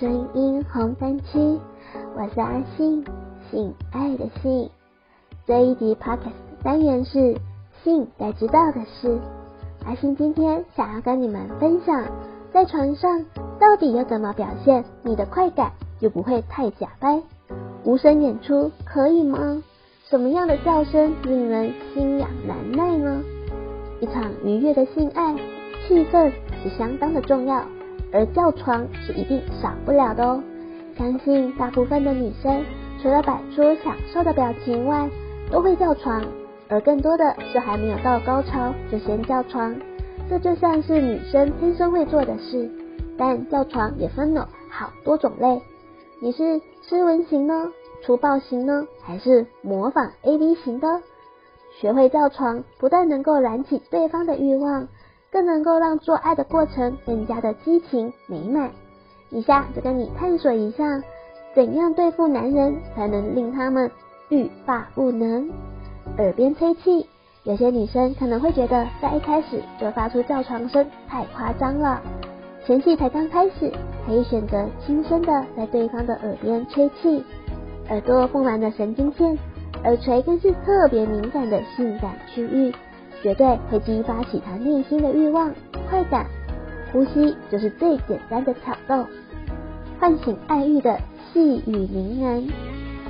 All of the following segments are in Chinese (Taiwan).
聲音紅三七，我是阿信，性愛的性。這一集 podcast 的單元是性該知道的事。阿信今天想要跟你們分享，在床上到底要怎麼表現，你的快感又不會太假掰。無聲演出可以嗎？什麼樣的叫聲令人心癢難耐呢？一場愉悅的性愛，氣氛是相當的重要。而叫床是一定少不了的哦，相信大部分的女生除了擺出享受的表情外，都會叫床，而更多的是還沒有到高潮就先叫床，這就像是女生天生會做的事。但叫床也分了好多種類，你是斯文型呢，粗暴型呢，還是模仿 AV 型的？學會叫床，不但能夠燃起對方的慾望。更能夠讓做愛的過程更加的激情美滿。以下就跟你探索一下，怎樣對付男人才能令他們慾罷不能。耳邊吹氣，有些女生可能會覺得在一開始就發出叫床聲太誇張了，前戲才剛開始，可以選擇輕聲的在對方的耳邊吹氣。耳朵布滿的神經線，耳垂更是特別敏感的性感區域。絕對會激發起他內心的慾望、快感。呼吸就是最簡單的挑逗，喚醒愛慾的細雨淋人。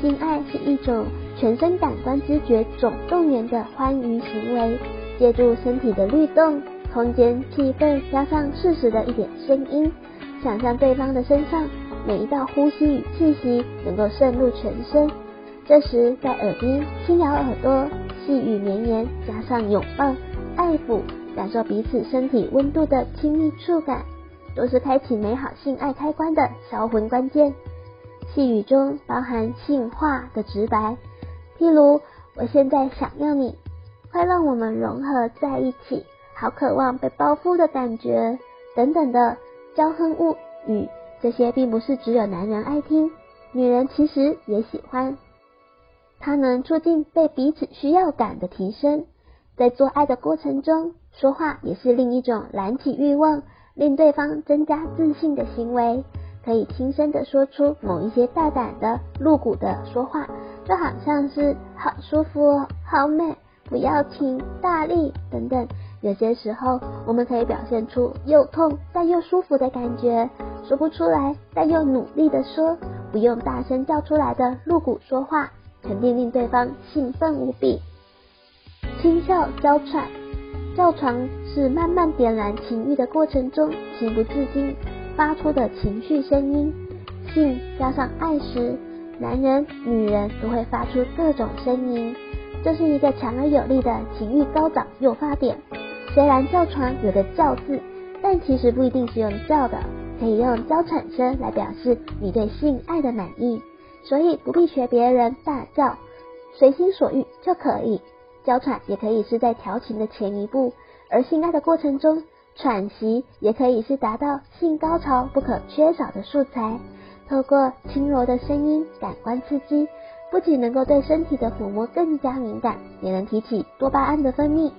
性愛是一種全身感官知覺總動員的歡愉行為，借助身體的律動、空間、氣氛，加上適時的一點聲音，想象對方的身上每一道呼吸與氣息能夠滲入全身。這時，在耳邊輕咬耳朵。細語綿綿，加上擁抱、愛撫，感受彼此身體溫度的親密觸感，都是開啟美好性愛開關的銷魂關鍵。細語中包含性話的直白，譬如“我現在想要你”，“快讓我們融合在一起”，“好渴望被抱負的感覺”等等的嬌哼物語，這些並不是只有男人愛聽，女人其實也喜歡。它能促進被彼此需要感的提升，在做愛的過程中，說話也是另一種燃起欲望、令對方增加自信的行為。可以輕聲的說出某一些大膽的、露骨的說話，就好像是好舒服、哦、好美、不要停、大力等等。有些時候，我們可以表現出又痛但又舒服的感覺，說不出來但又努力的說，不用大聲叫出來的露骨說話。肯定令對方興奮無比。輕笑嬌喘，叫床是慢慢點燃情欲的過程中，情不自禁發出的情緒聲音。性加上愛時，男人、女人都會發出各種聲音，這是一個強而有力的情欲高漲誘發點。雖然叫床有個叫字，但其實不一定是用叫的，可以用嬌喘聲來表示你對性愛的滿意。所以不必學別人大叫，隨心所欲就可以。嬌喘也可以是在調情的前一步，而性愛的過程中，喘息也可以是達到性高潮不可缺少的素材。透過輕柔的聲音感官刺激，不僅能夠對身體的撫摸更加敏感，也能提起多巴胺的分泌。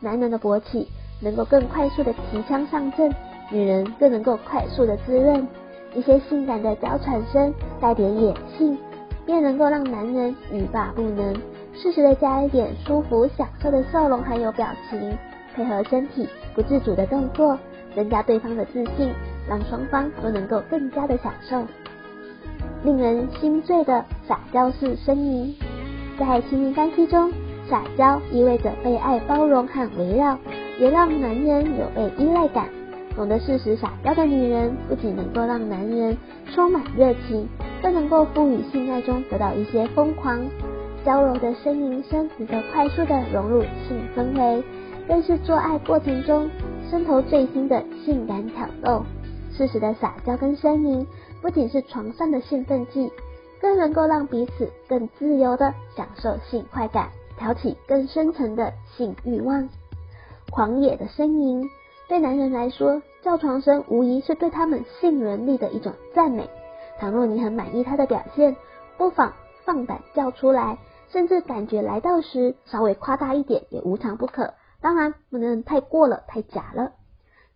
男人的勃起能夠更快速的提槍上陣，女人更能夠快速的滋潤。一些性感的嬌喘聲，帶點野性，便能夠讓男人欲罷不能。適時的加一點舒服享受的笑容，還有表情，配合身體不自主的動作，增加對方的自信，讓雙方都能夠更加的享受。令人心醉的撒嬌式呻吟。在親密關係中，撒嬌意味着被愛包容和圍繞，也讓男人有被依賴感。懂得適時撒嬌的女人，不僅能夠讓男人充滿熱情，更能夠賦予性愛中得到一些瘋狂、嬌柔的呻吟聲，使得快速地融入性氛圍，更是做愛過程中，聲頭最新的性感挑逗。適時的撒嬌跟呻吟，不僅是床上的興奮劑，更能夠讓彼此更自由地享受性快感，挑起更深層的性慾望。狂野的呻吟。對男人來說，叫床聲無疑是對他們性能力的一種讚美。倘若你很滿意他的表現，不妨放膽叫出來，甚至感覺來到時稍微誇大一點也未嘗不可。當然，不能太過了，太假了。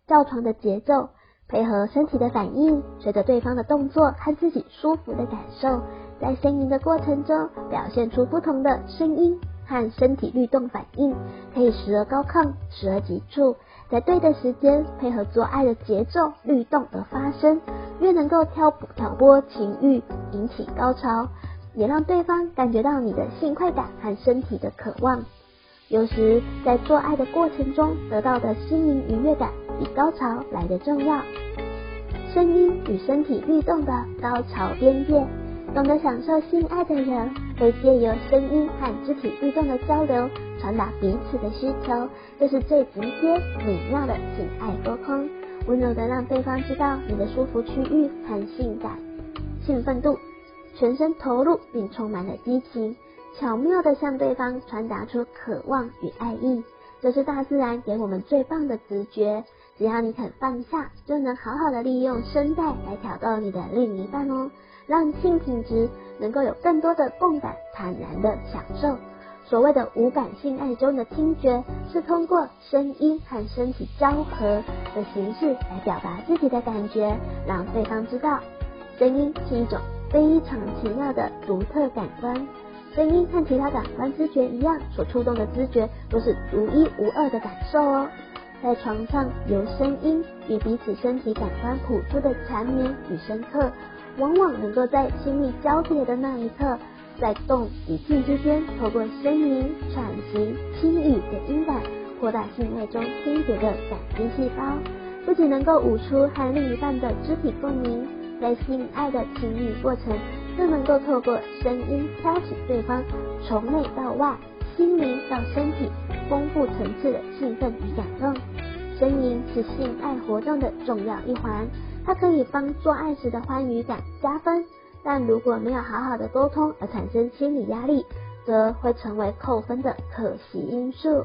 叫床的節奏配合身體的反應，隨着對方的動作和自己舒服的感受，在呻吟的過程中表現出不同的聲音和身體律動反應，可以時而高亢，時而急促。在對的時間配合做愛的節奏律動而發聲，越能夠挑挑撥情欲，引起高潮，也讓對方感覺到你的性快感和身體的渴望。有時在做愛的過程中得到的心靈愉悅感，比高潮來得重要。聲音與身體律動的高潮邊界，懂得享受性愛的人會借由聲音和肢體律動的交流。傳達彼此的需求，這是最直接、美妙的性愛溝通。溫柔的讓對方知道你的舒服區域和性感、興奮度，全身投入並充滿了激情，巧妙的向對方傳達出渴望與愛意，這是大自然給我們最棒的直覺。只要你肯放下，就能好好的利用聲帶來挑逗你的另一半哦，讓性品質能夠有更多的共感，坦然的享受。所謂的無感性愛中的聽覺，是通過聲音和身體交合的形式來表達自己的感覺，讓對方知道，聲音是一種非常奇妙的獨特感官。聲音和其他感官知覺一樣，所觸動的知覺都是獨一無二的感受哦。在床上由聲音與彼此身體感官譜出的纏綿與深刻，往往能夠在親密交疊的那一刻。在動與靜之間，透過聲音、喘息、輕語和音感，擴大性愛中聽覺的感知細胞，不僅能夠舞出和另一半的肢體共鳴，在性愛的情慾過程，更能夠透過聲音挑起對方從內到外、心靈到身體豐富層次的興奮與感動。聲音是性愛活動的重要一環，它可以幫做愛時的歡愉感加分。但如果沒有好好的溝通而產生心理壓力，則會成為扣分的可惜因素。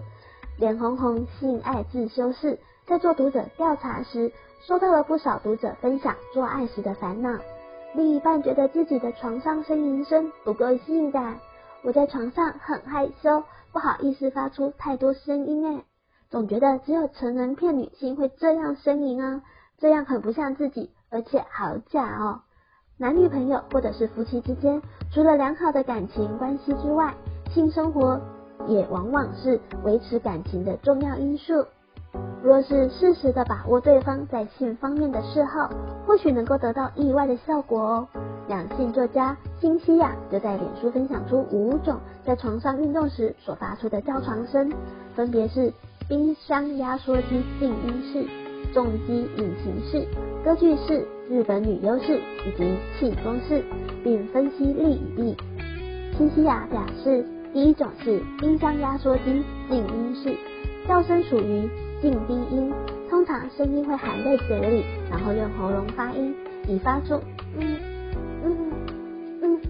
臉紅紅性愛自修室，在做讀者調查時，收到了不少讀者分享做愛時的煩惱。另一半覺得自己的床上呻吟聲不夠性感，我在床上很害羞，不好意思發出太多聲音誒。總覺得只有成人片女性會這樣呻吟啊，這樣很不像自己，而且好假哦。男女朋友或者是夫妻之間，除了良好的感情關係之外，性生活也往往是維持感情的重要因素。若是適時的把握對方在性方面的嗜好，或許能夠得到意外的效果哦。兩性作家欣西亞就在臉書分享出五種在床上運動時所發出的叫床聲，分別是冰箱壓縮機靜音室。重機引擎式、歌劇式、日本女優式以及氣功式，並分析利與弊。西西雅表示，第一種是冰箱壓縮機靜音式，叫聲屬於靜低音，通常聲音會含在嘴裡，然後用喉嚨發音，以發出嗯嗯嗯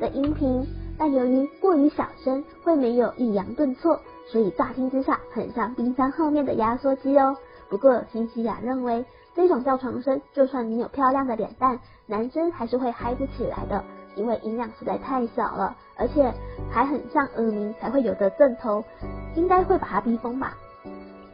的音頻，但由於過於小聲，會沒有抑揚頓挫，所以乍聽之下很像冰箱後面的壓縮機哦。不過，辛西婭認為，這種叫床聲，就算你有漂亮的臉蛋，男生還是會嗨不起來的，因為音量實在太小了，而且還很像耳鳴才會有的症頭，應該會把它逼瘋吧。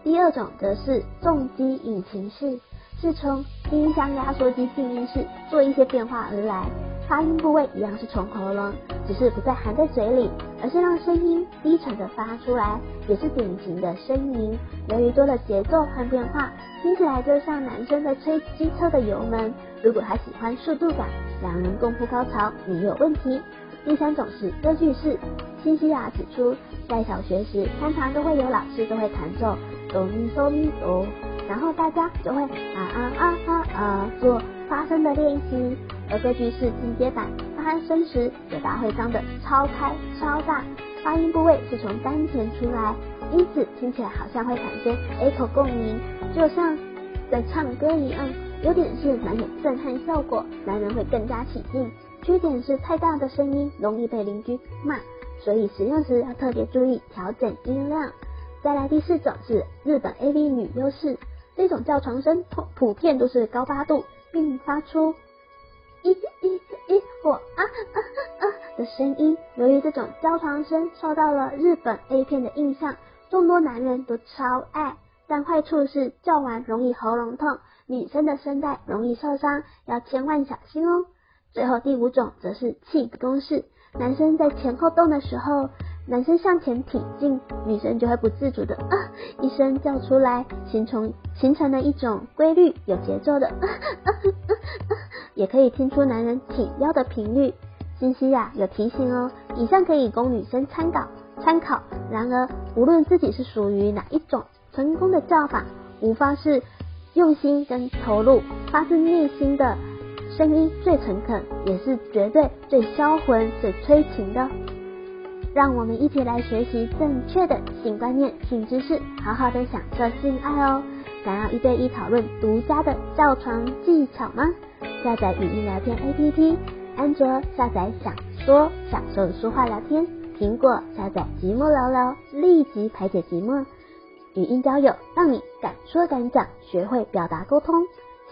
第二種則是重機引擎式，是從冰箱壓縮機靜音式做一些變化而來，發音部位一樣是重合了。只是不再含在嘴裡，而是讓聲音低沉的發出來，也是典型的呻吟。由於多了節奏和變化，聽起來就像男生在吹機車的油門。如果還喜歡速度感，兩人共赴高潮沒有問題。第三種是歌劇式。西西婭指出，在小學時，通常，常都會有老師都會彈奏哆咪嗦咪哆，然後大家就會啊啊啊啊啊做發聲的練習。而歌劇式進階版。發聲時嘴巴會張得超開超大，發音部位是從丹田出來，因此聽起來好像會產生 echo 共鳴，就像在唱歌一樣。優點是蠻有震撼效果，男人會更加起勁。缺點是太大的聲音容易被鄰居罵，所以使用時要特別注意調整音量。再來第四種是日本 AV 女優式，這種叫床聲，普普遍都是高八度，並發出。一、一、一，我啊啊啊的聲音。由於這種叫床聲受到了日本 A 片的印象，眾多男人都超愛。但壞處是叫完容易喉嚨痛，女生的聲帶容易受傷，要千萬小心哦。最後第五種則是氣功式，男生在前後動的時候，男生向前挺進，女生就會不自主的啊一聲叫出來，形成形成了一種規律、有節奏的。啊，啊。啊啊也可以聽出男人挺腰的頻率。信息呀，有提醒哦，以上可以供女生參考參考。然而，無論自己是屬於哪一種，成功的叫法無非是用心跟投入，發自內心的，聲音最誠懇，也是絕對最銷魂、最催情的。讓我們一起來學習正確的性觀念、性知識，好好的享受性愛哦。想要一對一討論獨家的叫床技巧嗎？下載語音聊天 APP，安卓下載享說享受說話聊天，蘋果下載寂寞聊聊，立即排解寂寞，語音交友，讓你敢說敢講，學會表達溝通，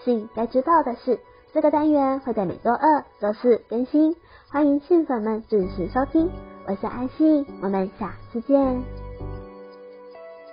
性該知道的事，這個單元會在每周二、周四更新，歡迎性粉們準時收聽，我是安信，我們下次見。